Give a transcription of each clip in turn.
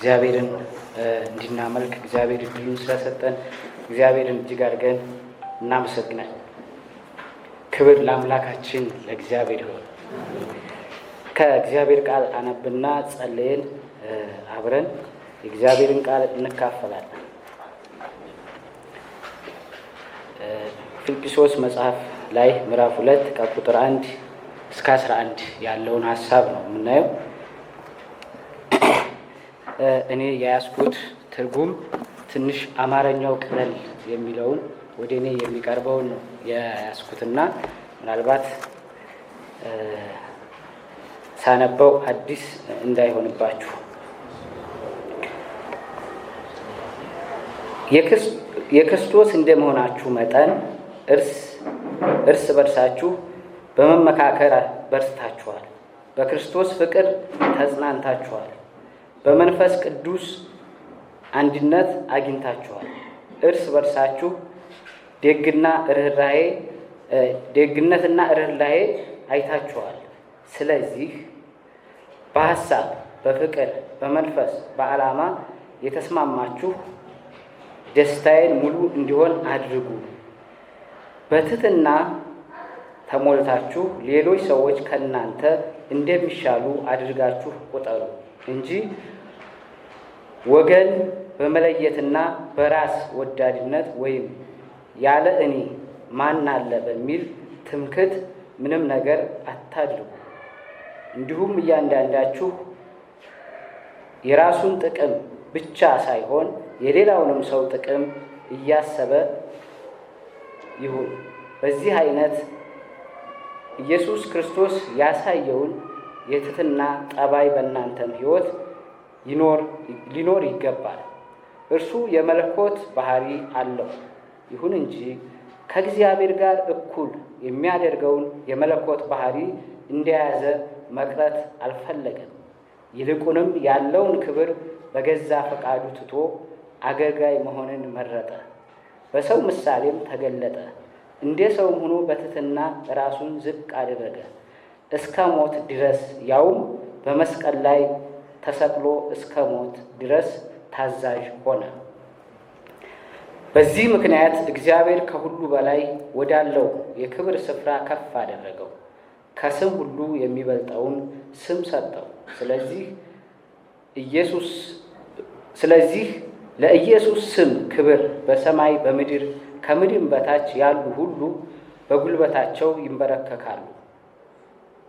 እግዚአብሔርን እንድናመልክ እግዚአብሔር እድሉን ስለሰጠን እግዚአብሔርን እጅግ አድርገን እናመሰግናል። ክብር ለአምላካችን ለእግዚአብሔር ይሆን። ከእግዚአብሔር ቃል አነብና ጸልየን አብረን የእግዚአብሔርን ቃል እንካፈላለን። ፊልጵሶስ መጽሐፍ ላይ ምዕራፍ ሁለት ከቁጥር አንድ እስከ አስራ አንድ ያለውን ሀሳብ ነው የምናየው። እኔ የያዝኩት ትርጉም ትንሽ አማርኛው ቀለል የሚለውን ወደ እኔ የሚቀርበውን ነው የያዝኩትና ምናልባት ሳነበው አዲስ እንዳይሆንባችሁ የክርስቶስ እንደመሆናችሁ መጠን እርስ እርስ በርሳችሁ በመመካከር በርስታችኋል በክርስቶስ ፍቅር ተጽናንታችኋል። በመንፈስ ቅዱስ አንድነት አግኝታችኋል። እርስ በርሳችሁ ደግና ርኅራሄ ደግነትና ርኅራሄ አይታችኋል። ስለዚህ በሀሳብ፣ በፍቅር በመንፈስ በዓላማ የተስማማችሁ ደስታዬን ሙሉ እንዲሆን አድርጉ። በትትና ተሞልታችሁ ሌሎች ሰዎች ከእናንተ እንደሚሻሉ አድርጋችሁ ቁጠሩ እንጂ ወገን በመለየትና በራስ ወዳድነት ወይም ያለ እኔ ማን አለ በሚል ትምክት ምንም ነገር አታድርጉ። እንዲሁም እያንዳንዳችሁ የራሱን ጥቅም ብቻ ሳይሆን የሌላውንም ሰው ጥቅም እያሰበ ይሁን። በዚህ አይነት ኢየሱስ ክርስቶስ ያሳየውን የትትና ጠባይ በእናንተም ሕይወት ሊኖር ይገባል። እርሱ የመለኮት ባህሪ አለው። ይሁን እንጂ ከእግዚአብሔር ጋር እኩል የሚያደርገውን የመለኮት ባህሪ እንደያዘ መቅረት አልፈለገም። ይልቁንም ያለውን ክብር በገዛ ፈቃዱ ትቶ አገልጋይ መሆንን መረጠ። በሰው ምሳሌም ተገለጠ። እንደ ሰው ሆኖ በትህትና ራሱን ዝቅ አደረገ እስከ ሞት ድረስ ያውም በመስቀል ላይ ተሰቅሎ እስከ ሞት ድረስ ታዛዥ ሆነ። በዚህ ምክንያት እግዚአብሔር ከሁሉ በላይ ወዳለው የክብር ስፍራ ከፍ አደረገው፣ ከስም ሁሉ የሚበልጠውን ስም ሰጠው። ስለዚህ ኢየሱስ ስለዚህ ለኢየሱስ ስም ክብር በሰማይ በምድር ከምድር በታች ያሉ ሁሉ በጉልበታቸው ይንበረከካሉ።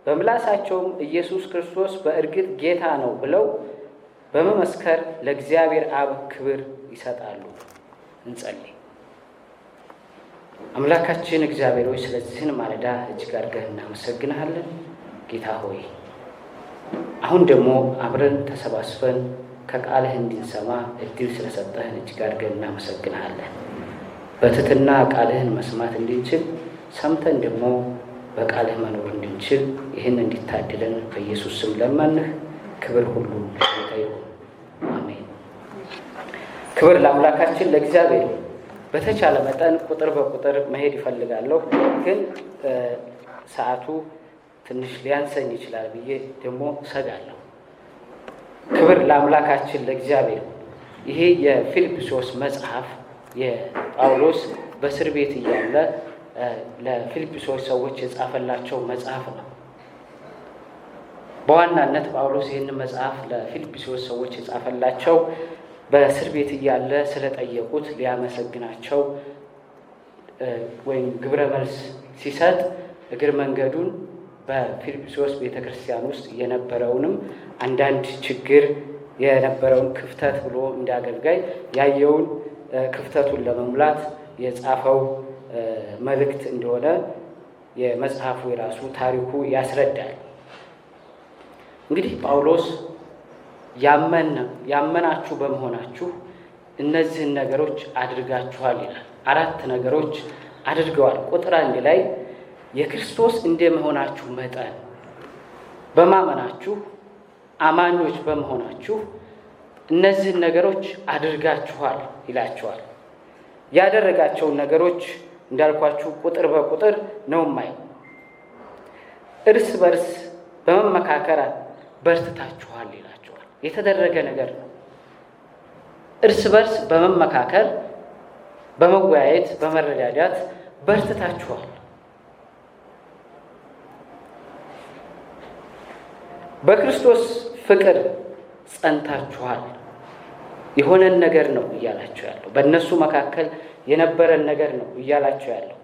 በምላሳቸውም ኢየሱስ ክርስቶስ በእርግጥ ጌታ ነው ብለው በመመስከር ለእግዚአብሔር አብ ክብር ይሰጣሉ። እንጸልይ። አምላካችን እግዚአብሔር ሆይ ስለዚህን ማለዳ እጅግ አድርገህ እናመሰግንሃለን። ጌታ ሆይ አሁን ደግሞ አብረን ተሰባስበን ከቃልህ እንድንሰማ እድል ስለሰጠህን እጅግ አድርገን እናመሰግንሃለን። በትትና ቃልህን መስማት እንድንችል ሰምተን ደግሞ በቃልህ መኖር እንድንችል ይህን እንዲታድለን በኢየሱስ ስም ለመንህ። ክብር ሁሉ ለጌታ ይሁን፣ አሜን። ክብር ለአምላካችን ለእግዚአብሔር። በተቻለ መጠን ቁጥር በቁጥር መሄድ ይፈልጋለሁ፣ ግን ሰዓቱ ትንሽ ሊያንሰኝ ይችላል ብዬ ደግሞ ሰጋለሁ። ክብር ለአምላካችን ለእግዚአብሔር። ይሄ የፊልጵስዩስ መጽሐፍ ጳውሎስ በእስር ቤት እያለ ለፊልጵሶች ሰዎች የጻፈላቸው መጽሐፍ ነው። በዋናነት ጳውሎስ ይህንን መጽሐፍ ለፊልጵሶች ሰዎች የጻፈላቸው በእስር ቤት እያለ ስለጠየቁት ሊያመሰግናቸው ወይም ግብረ መልስ ሲሰጥ እግር መንገዱን በፊልጵሶስ ቤተ ክርስቲያን ውስጥ የነበረውንም አንዳንድ ችግር የነበረውን ክፍተት ብሎ እንዲያገልጋይ ያየውን ክፍተቱን ለመሙላት የጻፈው መልእክት እንደሆነ የመጽሐፉ የራሱ ታሪኩ ያስረዳል። እንግዲህ ጳውሎስ ያመናችሁ በመሆናችሁ እነዚህን ነገሮች አድርጋችኋል ይላል። አራት ነገሮች አድርገዋል። ቁጥር አንድ ላይ የክርስቶስ እንደመሆናችሁ መጠን በማመናችሁ አማኞች በመሆናችሁ እነዚህን ነገሮች አድርጋችኋል ይላችኋል። ያደረጋቸውን ነገሮች እንዳልኳችሁ ቁጥር በቁጥር ነው ማየው። እርስ በርስ በመመካከር በርትታችኋል ይላችኋል። የተደረገ ነገር ነው። እርስ በርስ በመመካከር በመወያየት በመረዳዳት በርትታችኋል። በክርስቶስ ፍቅር ጸንታችኋል። የሆነን ነገር ነው እያላቸው ያለው በእነሱ መካከል የነበረን ነገር ነው እያላቸው ያለው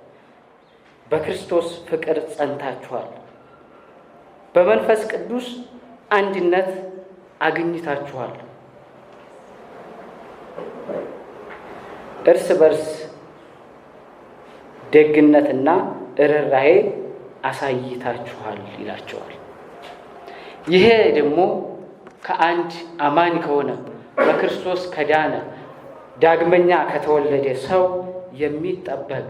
በክርስቶስ ፍቅር ጸንታችኋል፣ በመንፈስ ቅዱስ አንድነት አግኝታችኋል፣ እርስ በርስ ደግነትና ርኅራኄ አሳይታችኋል ይላቸዋል። ይሄ ደግሞ ከአንድ አማኝ ከሆነ በክርስቶስ ከዳነ ዳግመኛ ከተወለደ ሰው የሚጠበቅ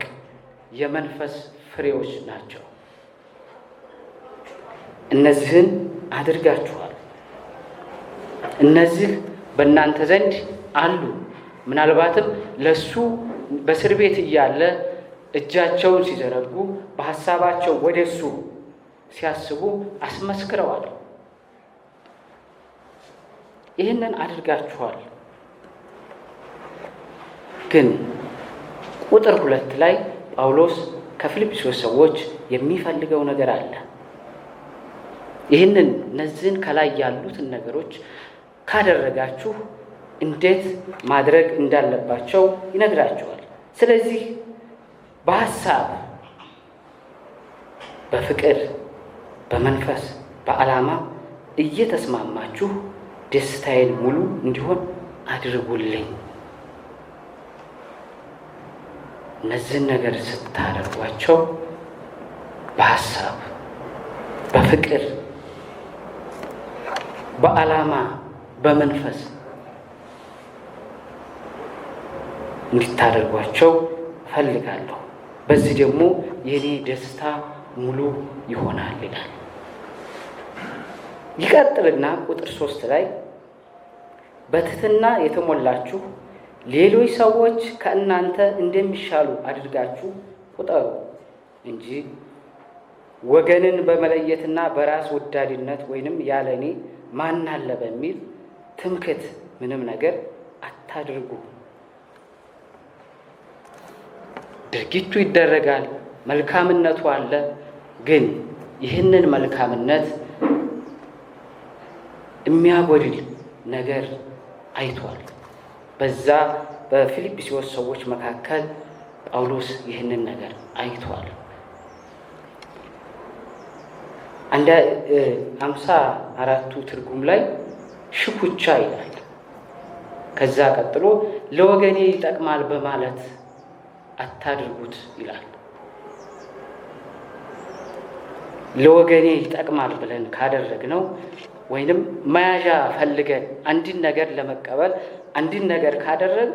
የመንፈስ ፍሬዎች ናቸው። እነዚህን አድርጋችኋል። እነዚህ በእናንተ ዘንድ አሉ። ምናልባትም ለእሱ በእስር ቤት እያለ እጃቸውን ሲዘረጉ በሀሳባቸው ወደ እሱ ሲያስቡ አስመስክረዋል። ይህንን አድርጋችኋል። ግን ቁጥር ሁለት ላይ ጳውሎስ ከፊልጵስዩስ ሰዎች የሚፈልገው ነገር አለ። ይህንን እነዚህን ከላይ ያሉትን ነገሮች ካደረጋችሁ እንዴት ማድረግ እንዳለባቸው ይነግራቸዋል። ስለዚህ በሀሳብ በፍቅር፣ በመንፈስ፣ በዓላማ እየተስማማችሁ ደስታዬን ሙሉ እንዲሆን አድርጉልኝ። እነዚህን ነገር ስታደርጓቸው በሀሳብ በፍቅር በዓላማ በመንፈስ እንዲታደርጓቸው እፈልጋለሁ። በዚህ ደግሞ የኔ ደስታ ሙሉ ይሆናል ይላል። ይቀጥልና ቁጥር ሶስት ላይ በትህትና የተሞላችሁ ሌሎች ሰዎች ከእናንተ እንደሚሻሉ አድርጋችሁ ቁጠሩ እንጂ ወገንን በመለየትና በራስ ወዳድነት ወይንም ያለ እኔ ማን አለ በሚል ትምክት ምንም ነገር አታድርጉ። ድርጊቱ ይደረጋል፣ መልካምነቱ አለ። ግን ይህንን መልካምነት የሚያጎድል ነገር አይቷል። በዛ በፊልጵስዎስ ሰዎች መካከል ጳውሎስ ይህንን ነገር አይቷል። አንደ አምሳ አራቱ ትርጉም ላይ ሽኩቻ ይላል። ከዛ ቀጥሎ ለወገኔ ይጠቅማል በማለት አታድርጉት ይላል። ለወገኔ ይጠቅማል ብለን ካደረግነው ወይንም መያዣ ፈልገን አንድን ነገር ለመቀበል አንድን ነገር ካደረግ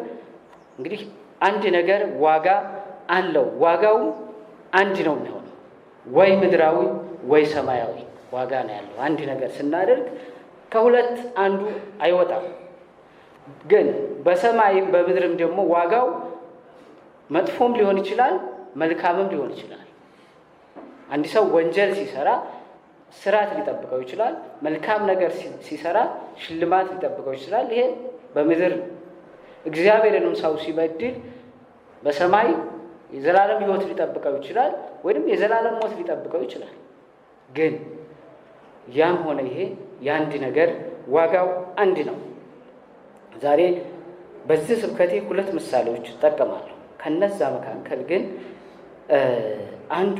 እንግዲህ አንድ ነገር ዋጋ አለው። ዋጋው አንድ ነው የሚሆነው፣ ወይ ምድራዊ ወይ ሰማያዊ ዋጋ ነው ያለው። አንድ ነገር ስናደርግ ከሁለት አንዱ አይወጣም። ግን በሰማይም በምድርም ደግሞ ዋጋው መጥፎም ሊሆን ይችላል፣ መልካምም ሊሆን ይችላል። አንድ ሰው ወንጀል ሲሰራ ስርዓት ሊጠብቀው ይችላል። መልካም ነገር ሲሰራ ሽልማት ሊጠብቀው ይችላል። ይሄ በምድር ነው። እግዚአብሔርንም ሰው ሲበድል በሰማይ የዘላለም ሕይወት ሊጠብቀው ይችላል፣ ወይም የዘላለም ሞት ሊጠብቀው ይችላል። ግን ያም ሆነ ይሄ የአንድ ነገር ዋጋው አንድ ነው። ዛሬ በዚህ ስብከቴ ሁለት ምሳሌዎች እጠቀማለሁ። ከነዛ መካከል ግን አንዱ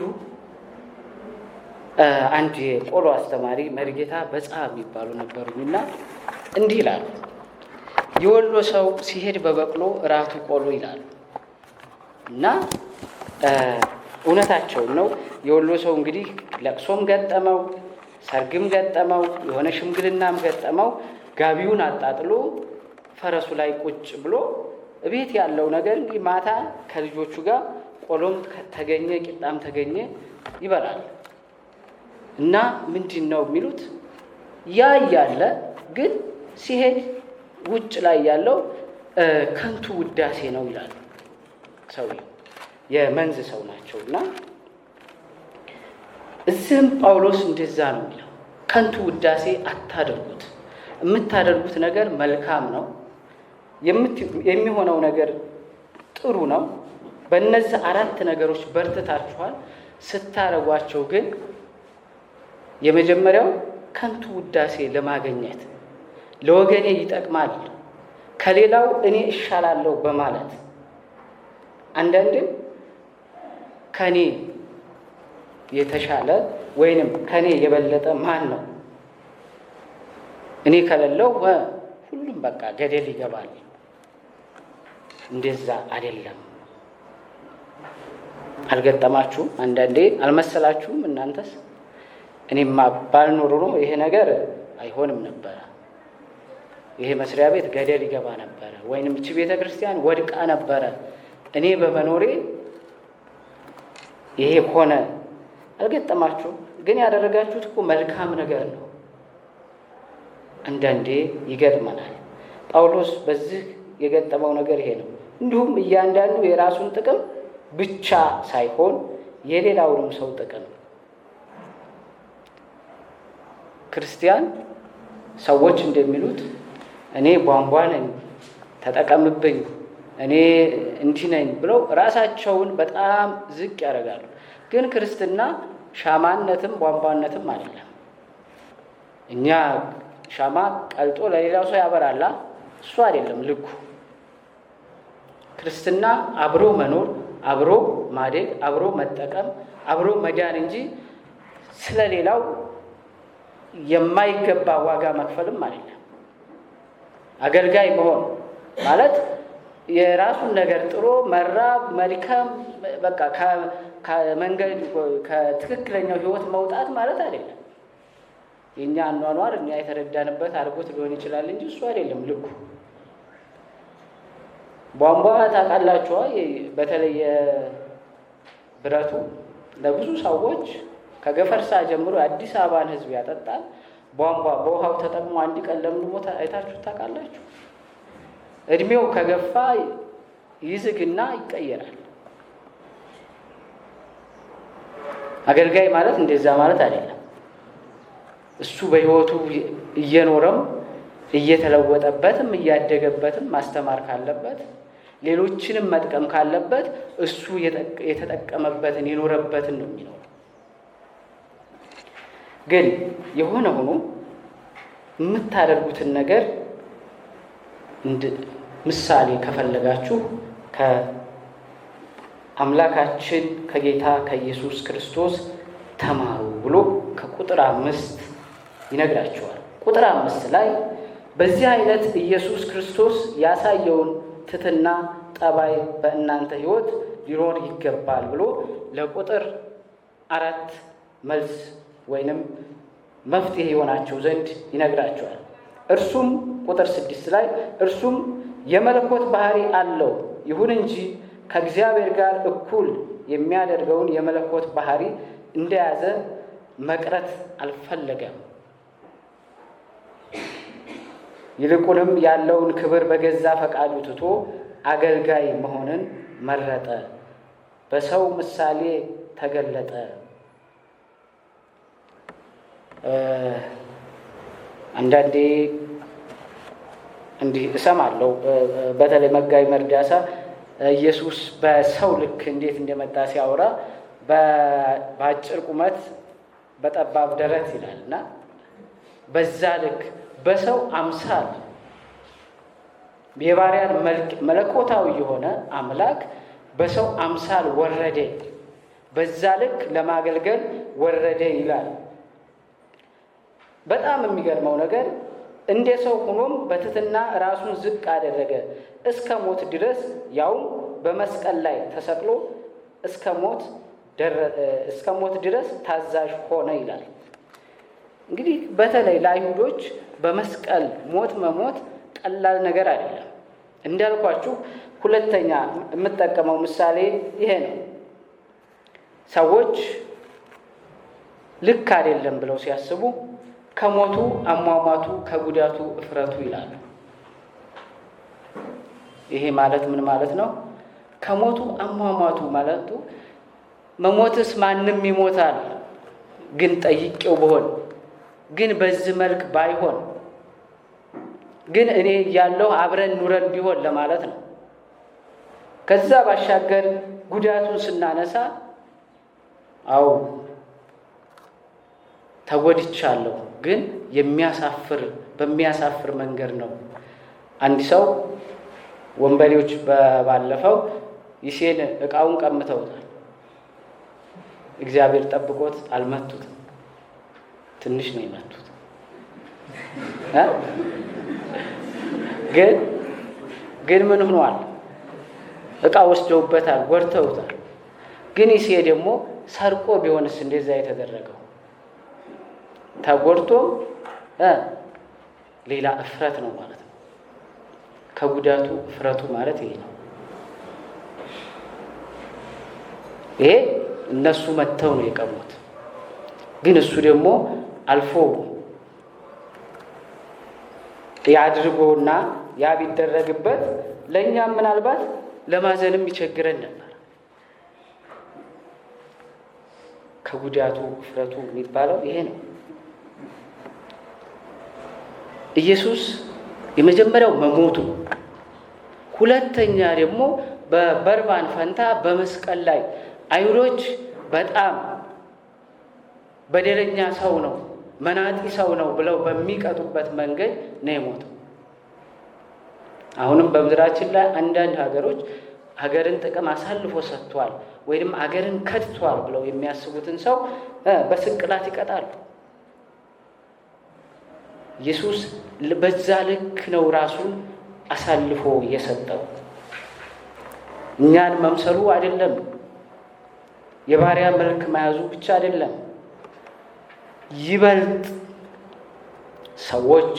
አንድ የቆሎ አስተማሪ መርጌታ በጻ የሚባሉ ነበሩኝና እንዲህ ይላሉ። የወሎ ሰው ሲሄድ በበቅሎ እራቱ ቆሎ ይላሉ እና እውነታቸውን ነው። የወሎ ሰው እንግዲህ ለቅሶም ገጠመው፣ ሰርግም ገጠመው፣ የሆነ ሽምግልናም ገጠመው፣ ጋቢውን አጣጥሎ ፈረሱ ላይ ቁጭ ብሎ እቤት ያለው ነገር እንግዲህ ማታ ከልጆቹ ጋር ቆሎም ተገኘ ቂጣም ተገኘ ይበላል። እና ምንድን ነው የሚሉት ያ እያለ ግን ሲሄድ ውጭ ላይ ያለው ከንቱ ውዳሴ ነው ይላሉ። ሰው የመንዝ ሰው ናቸው እና እዚህም ጳውሎስ እንደዛ ነው የሚለው ከንቱ ውዳሴ አታደርጉት። የምታደርጉት ነገር መልካም ነው፣ የሚሆነው ነገር ጥሩ ነው። በእነዚህ አራት ነገሮች በርትታችኋል። ስታደርጓቸው ግን የመጀመሪያው ከንቱ ውዳሴ ለማገኘት ለወገኔ ይጠቅማል ከሌላው እኔ እሻላለሁ በማለት አንዳንድም ከኔ የተሻለ ወይንም ከኔ የበለጠ ማን ነው እኔ ከሌለው ሁሉም በቃ ገደል ይገባል። እንደዛ አይደለም። አልገጠማችሁም? አንዳንዴ አልመሰላችሁም? እናንተስ እኔማ ባልኖር ኖሮ ይሄ ነገር አይሆንም ነበረ። ይሄ መስሪያ ቤት ገደል ይገባ ነበረ፣ ወይንም እቺ ቤተ ክርስቲያን ወድቃ ነበረ። እኔ በመኖሬ ይሄ ሆነ። አልገጠማችሁ ግን ያደረጋችሁት እኮ መልካም ነገር ነው። አንዳንዴ ይገጥመናል። ጳውሎስ በዚህ የገጠመው ነገር ይሄ ነው። እንዲሁም እያንዳንዱ የራሱን ጥቅም ብቻ ሳይሆን የሌላውንም ሰው ጥቅም ክርስቲያን ሰዎች እንደሚሉት እኔ ቧንቧ ነኝ ተጠቀምብኝ፣ እኔ እንዲህ ነኝ ብለው ራሳቸውን በጣም ዝቅ ያደርጋሉ። ግን ክርስትና ሻማነትም ቧንቧነትም አይደለም። እኛ ሻማ ቀልጦ ለሌላው ሰው ያበራላ፣ እሱ አይደለም ልኩ። ክርስትና አብሮ መኖር፣ አብሮ ማደግ፣ አብሮ መጠቀም፣ አብሮ መዳን እንጂ ስለሌላው የማይገባ ዋጋ መክፈልም አይደለም። አገልጋይ መሆን ማለት የራሱን ነገር ጥሮ መራብ፣ መድከም፣ በቃ ከመንገድ ከትክክለኛው ህይወት መውጣት ማለት አይደለም። የእኛ አኗኗር እኛ የተረዳንበት አድርጎት ሊሆን ይችላል እንጂ እሱ አይደለም ልኩ። ቧንቧ ታውቃላችኋ፣ በተለየ ብረቱ ለብዙ ሰዎች ከገፈርሳ ጀምሮ የአዲስ አበባን ህዝብ ያጠጣል። ቧንቧ በውሃው ተጠቅሞ አንድ ቀን ለምን ቦታ አይታችሁ ታውቃላችሁ? እድሜው ከገፋ ይዝግና ይቀየራል። አገልጋይ ማለት እንደዛ ማለት አይደለም። እሱ በህይወቱ እየኖረም እየተለወጠበትም እያደገበትም ማስተማር ካለበት ሌሎችንም መጥቀም ካለበት እሱ የተጠቀመበትን የኖረበትን ነው የሚኖረው። ግን የሆነ ሆኖ የምታደርጉትን ነገር ምሳሌ ከፈለጋችሁ ከአምላካችን ከጌታ ከኢየሱስ ክርስቶስ ተማሩ ብሎ ከቁጥር አምስት ይነግራቸዋል። ቁጥር አምስት ላይ በዚህ አይነት ኢየሱስ ክርስቶስ ያሳየውን ትትና ጠባይ በእናንተ ህይወት ሊኖር ይገባል ብሎ ለቁጥር አራት መልስ ወይንም መፍትሄ የሆናቸው ዘንድ ይነግራቸዋል። እርሱም ቁጥር ስድስት ላይ እርሱም የመለኮት ባህሪ አለው። ይሁን እንጂ ከእግዚአብሔር ጋር እኩል የሚያደርገውን የመለኮት ባህሪ እንደያዘ መቅረት አልፈለገም። ይልቁንም ያለውን ክብር በገዛ ፈቃዱ ትቶ አገልጋይ መሆንን መረጠ። በሰው ምሳሌ ተገለጠ አንዳንዴ እንዲህ እሰማለሁ። በተለይ መጋቢ መርዳሳ ኢየሱስ በሰው ልክ እንዴት እንደመጣ ሲያወራ በአጭር ቁመት በጠባብ ደረት ይላል እና በዛ ልክ በሰው አምሳል የባሪያን መለኮታዊ የሆነ አምላክ በሰው አምሳል ወረደ፣ በዛ ልክ ለማገልገል ወረደ ይላል። በጣም የሚገርመው ነገር እንደ ሰው ሆኖም በትትና ራሱን ዝቅ አደረገ እስከ ሞት ድረስ ያውም በመስቀል ላይ ተሰቅሎ እስከ ሞት ድረስ ታዛዥ ሆነ ይላል። እንግዲህ በተለይ ለአይሁዶች በመስቀል ሞት መሞት ቀላል ነገር አይደለም። እንዳልኳችሁ ሁለተኛ የምጠቀመው ምሳሌ ይሄ ነው። ሰዎች ልክ አይደለም ብለው ሲያስቡ ከሞቱ አሟሟቱ ከጉዳቱ እፍረቱ ይላሉ። ይሄ ማለት ምን ማለት ነው? ከሞቱ አሟሟቱ ማለቱ መሞትስ ማንም ይሞታል፣ ግን ጠይቄው በሆን ግን በዚህ መልክ ባይሆን ግን እኔ ያለው አብረን ኑረን ቢሆን ለማለት ነው። ከዛ ባሻገር ጉዳቱን ስናነሳ አው? ተጎድቻለሁ፣ ግን የሚያሳፍር በሚያሳፍር መንገድ ነው። አንድ ሰው ወንበዴዎች ባለፈው ይሴን እቃውን ቀምተውታል። እግዚአብሔር ጠብቆት አልመቱትም። ትንሽ ነው የመቱት፣ ግን ግን ምን ሆኗል? እቃ ወስደውበታል፣ ጎድተውታል። ግን ይሴ ደግሞ ሰርቆ ቢሆንስ እንደዛ የተደረገው ተጎድቶ ሌላ እፍረት ነው ማለት ነው። ከጉዳቱ እፍረቱ ማለት ይሄ ነው። ይሄ እነሱ መጥተው ነው የቀሙት። ግን እሱ ደግሞ አልፎ ያድርጎና ያ ቢደረግበት ለእኛም ምናልባት ለማዘንም ይቸግረን ነበር። ከጉዳቱ እፍረቱ የሚባለው ይሄ ነው። ኢየሱስ የመጀመሪያው መሞቱ፣ ሁለተኛ ደግሞ በበርባን ፈንታ በመስቀል ላይ አይሁዶች በጣም በደለኛ ሰው ነው መናጢ ሰው ነው ብለው በሚቀጡበት መንገድ ነው የሞተው። አሁንም በምድራችን ላይ አንዳንድ ሀገሮች ሀገርን ጥቅም አሳልፎ ሰጥቷል ወይም ሀገርን ከድቷል ብለው የሚያስቡትን ሰው በስቅላት ይቀጣሉ። ኢየሱስ በዛ ልክ ነው ራሱን አሳልፎ የሰጠው። እኛን መምሰሉ አይደለም፣ የባሪያ መልክ መያዙ ብቻ አይደለም። ይበልጥ ሰዎች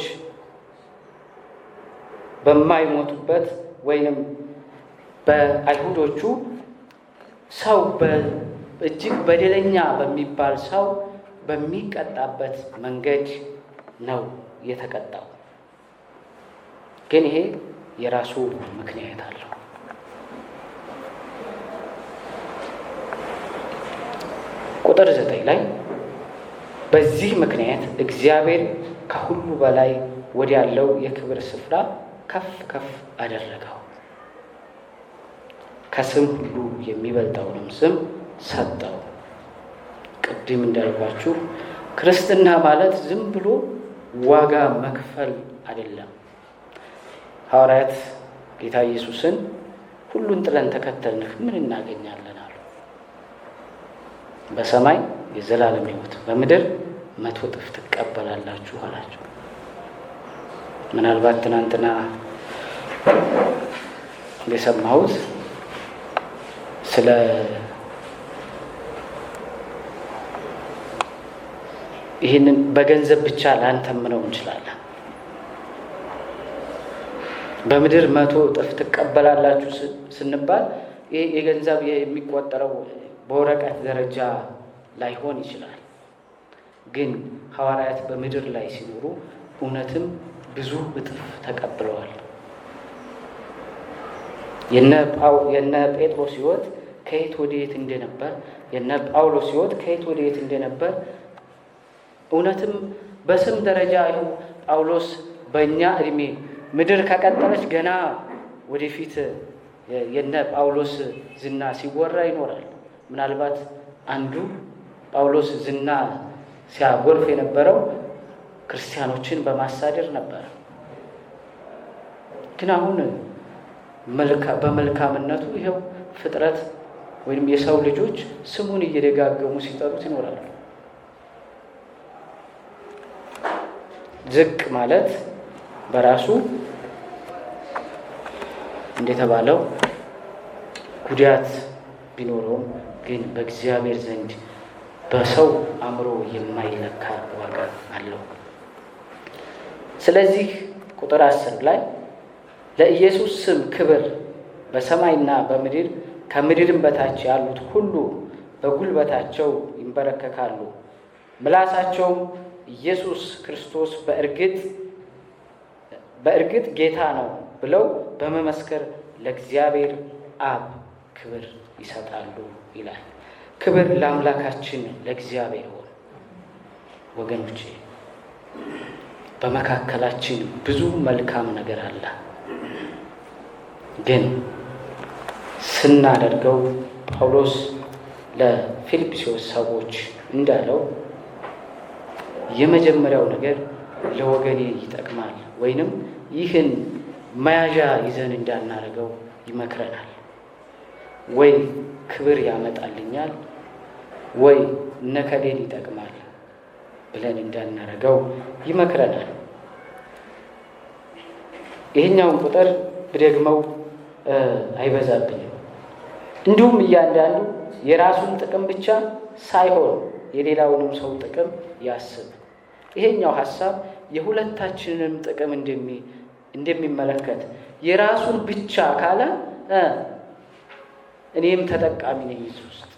በማይሞቱበት ወይም በአይሁዶቹ ሰው እጅግ በደለኛ በሚባል ሰው በሚቀጣበት መንገድ ነው። የተቀጣው። ግን ይሄ የራሱ ምክንያት አለው። ቁጥር ዘጠኝ ላይ በዚህ ምክንያት እግዚአብሔር ከሁሉ በላይ ወዲያለው የክብር ስፍራ ከፍ ከፍ አደረገው፣ ከስም ሁሉ የሚበልጠውንም ስም ሰጠው። ቅድም እንዳልኳችሁ ክርስትና ማለት ዝም ብሎ ዋጋ መክፈል አይደለም። ሐዋርያት ጌታ ኢየሱስን ሁሉን ጥለን ተከተልንህ ምን እናገኛለን አሉ። በሰማይ የዘላለም ሕይወት በምድር መቶ እጥፍ ትቀበላላችሁ አላቸው። ምናልባት ትናንትና የሰማሁት ስለ ይህንን በገንዘብ ብቻ ላንተምነው እንችላለን። በምድር መቶ እጥፍ ትቀበላላችሁ ስንባል ይህ የገንዘብ የሚቆጠረው በወረቀት ደረጃ ላይሆን ይችላል። ግን ሐዋርያት በምድር ላይ ሲኖሩ እውነትም ብዙ እጥፍ ተቀብለዋል። የነ ጴጥሮስ ሕይወት ከየት ወደ የት እንደነበር፣ የነ ጳውሎስ ሕይወት ከየት ወደ የት እንደነበር እውነትም በስም ደረጃ ይሁ ጳውሎስ በእኛ እድሜ ምድር ከቀጠለች ገና ወደፊት የነ ጳውሎስ ዝና ሲወራ ይኖራል። ምናልባት አንዱ ጳውሎስ ዝና ሲያጎርፍ የነበረው ክርስቲያኖችን በማሳደር ነበረ። ግን አሁን በመልካምነቱ ይኸው ፍጥረት ወይም የሰው ልጆች ስሙን እየደጋገሙ ሲጠሩት ይኖራሉ። ዝቅ ማለት በራሱ እንደተባለው ጉዳት ቢኖረውም ግን በእግዚአብሔር ዘንድ በሰው አእምሮ የማይለካ ዋጋ አለው። ስለዚህ ቁጥር አስር ላይ ለኢየሱስ ስም ክብር በሰማይና በምድር ከምድርም በታች ያሉት ሁሉ በጉልበታቸው ይንበረከካሉ፣ ምላሳቸውም ኢየሱስ ክርስቶስ በእርግጥ በእርግጥ ጌታ ነው ብለው በመመስከር ለእግዚአብሔር አብ ክብር ይሰጣሉ ይላል። ክብር ለአምላካችን ለእግዚአብሔር ሆ ወገኖቼ በመካከላችን ብዙ መልካም ነገር አለ። ግን ስናደርገው ጳውሎስ ለፊልጵስዎስ ሰዎች እንዳለው የመጀመሪያው ነገር ለወገኔ ይጠቅማል ወይንም ይህን መያዣ ይዘን እንዳናረገው ይመክረናል። ወይ ክብር ያመጣልኛል ወይ ነከሌን ይጠቅማል ብለን እንዳናረገው ይመክረናል። ይህኛውን ቁጥር ብደግመው አይበዛብኝም። እንዲሁም እያንዳንዱ የራሱን ጥቅም ብቻ ሳይሆን የሌላውንም ሰው ጥቅም ያስብ። ይሄኛው ሀሳብ የሁለታችንንም ጥቅም እንደሚመለከት የራሱን ብቻ ካለ እኔም ተጠቃሚ ነኝ እዚህ ውስጥ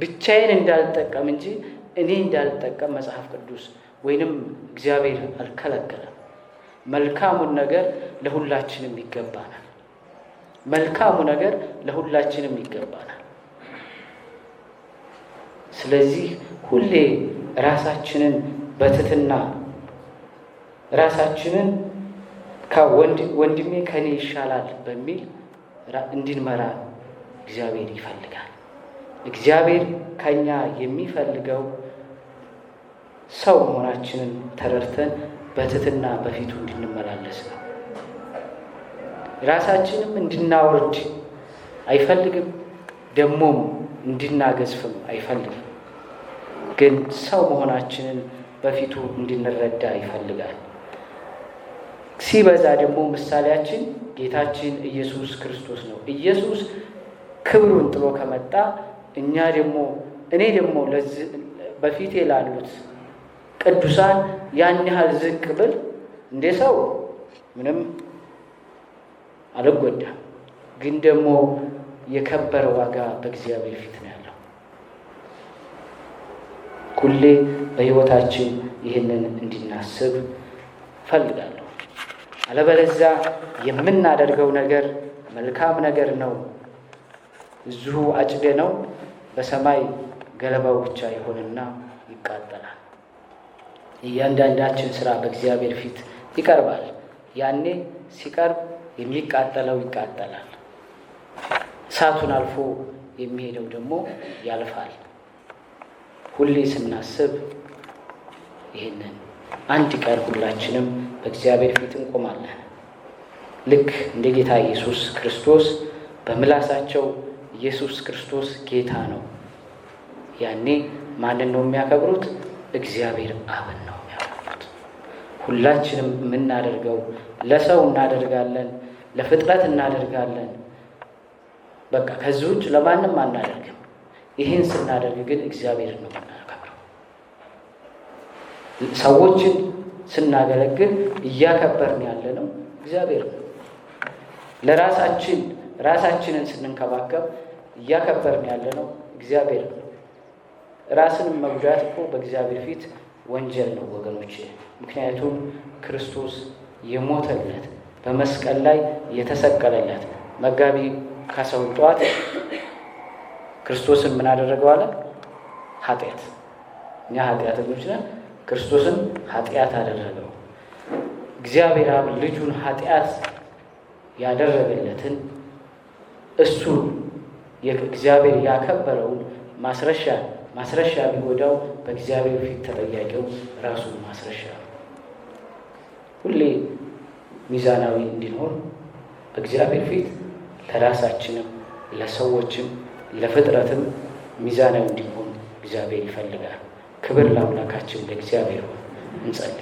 ብቻዬን እንዳልጠቀም እንጂ እኔ እንዳልጠቀም መጽሐፍ ቅዱስ ወይንም እግዚአብሔር አልከለከለም። መልካሙን ነገር ለሁላችንም ይገባናል። መልካሙ ነገር ለሁላችንም ይገባናል። ስለዚህ ሁሌ ራሳችንን በትትና ራሳችንን ወንድሜ ከኔ ይሻላል በሚል እንድንመራ እግዚአብሔር ይፈልጋል። እግዚአብሔር ከኛ የሚፈልገው ሰው መሆናችንን ተረድተን በትትና በፊቱ እንድንመላለስ ነው። ራሳችንም እንድናወርድ አይፈልግም። ደግሞም እንድናገዝፍም አይፈልግም። ግን ሰው መሆናችንን በፊቱ እንድንረዳ ይፈልጋል። ሲበዛ ደግሞ ምሳሌያችን ጌታችን ኢየሱስ ክርስቶስ ነው። ኢየሱስ ክብሩን ጥሎ ከመጣ እኛ ደግሞ እኔ ደግሞ በፊቴ ላሉት ቅዱሳን ያን ያህል ዝቅ ብል እንደ ሰው ምንም አልጎዳም። ግን ደግሞ የከበረ ዋጋ በእግዚአብሔር ፊት ነው ያለው። ሁሌ በህይወታችን ይህንን እንድናስብ ፈልጋለሁ። አለበለዛ የምናደርገው ነገር መልካም ነገር ነው፣ እዚሁ አጭደ ነው በሰማይ ገለባው ብቻ ይሆንና ይቃጠላል። እያንዳንዳችን ስራ በእግዚአብሔር ፊት ይቀርባል። ያኔ ሲቀርብ የሚቃጠለው ይቃጠላል። እሳቱን አልፎ የሚሄደው ደግሞ ያልፋል። ሁሌ ስናስብ ይህንን አንድ ቀን ሁላችንም በእግዚአብሔር ፊት እንቆማለን። ልክ እንደ ጌታ ኢየሱስ ክርስቶስ በምላሳቸው ኢየሱስ ክርስቶስ ጌታ ነው። ያኔ ማንን ነው የሚያከብሩት? እግዚአብሔር አብን ነው የሚያከብሩት። ሁላችንም የምናደርገው ለሰው እናደርጋለን፣ ለፍጥረት እናደርጋለን በቃ ከዚህ ውጭ ለማንም አናደርግም። ይህን ስናደርግ ግን እግዚአብሔር ነው የምናከብረው። ሰዎችን ስናገለግል እያከበርን ያለ ነው እግዚአብሔር ነው። ለራሳችን ራሳችንን ስንንከባከብ እያከበርን ያለ ነው እግዚአብሔር ነው። ራስንም መጉዳት እኮ በእግዚአብሔር ፊት ወንጀል ነው ወገኖች። ምክንያቱም ክርስቶስ የሞተለት በመስቀል ላይ የተሰቀለለት መጋቢ ካሰው ጠዋት ክርስቶስን ምን አደረገው አለ? ኃጢአት። እኛ ኃጢአተኞች ነን። ክርስቶስን ኃጢአት አደረገው። እግዚአብሔር አብ ልጁን ኃጢአት ያደረገለትን እሱን እግዚአብሔር ያከበረውን ማስረሻ ማስረሻ ቢጎዳው በእግዚአብሔር ፊት ተጠያቂው ራሱ ማስረሻ ነው። ሁሌ ሚዛናዊ እንዲኖር በእግዚአብሔር ፊት ለራሳችንም ለሰዎችም ለፍጥረትም ሚዛናዊ እንዲሆን እግዚአብሔር ይፈልጋል። ክብር ለአምላካችን ለእግዚአብሔር እንጸልይ።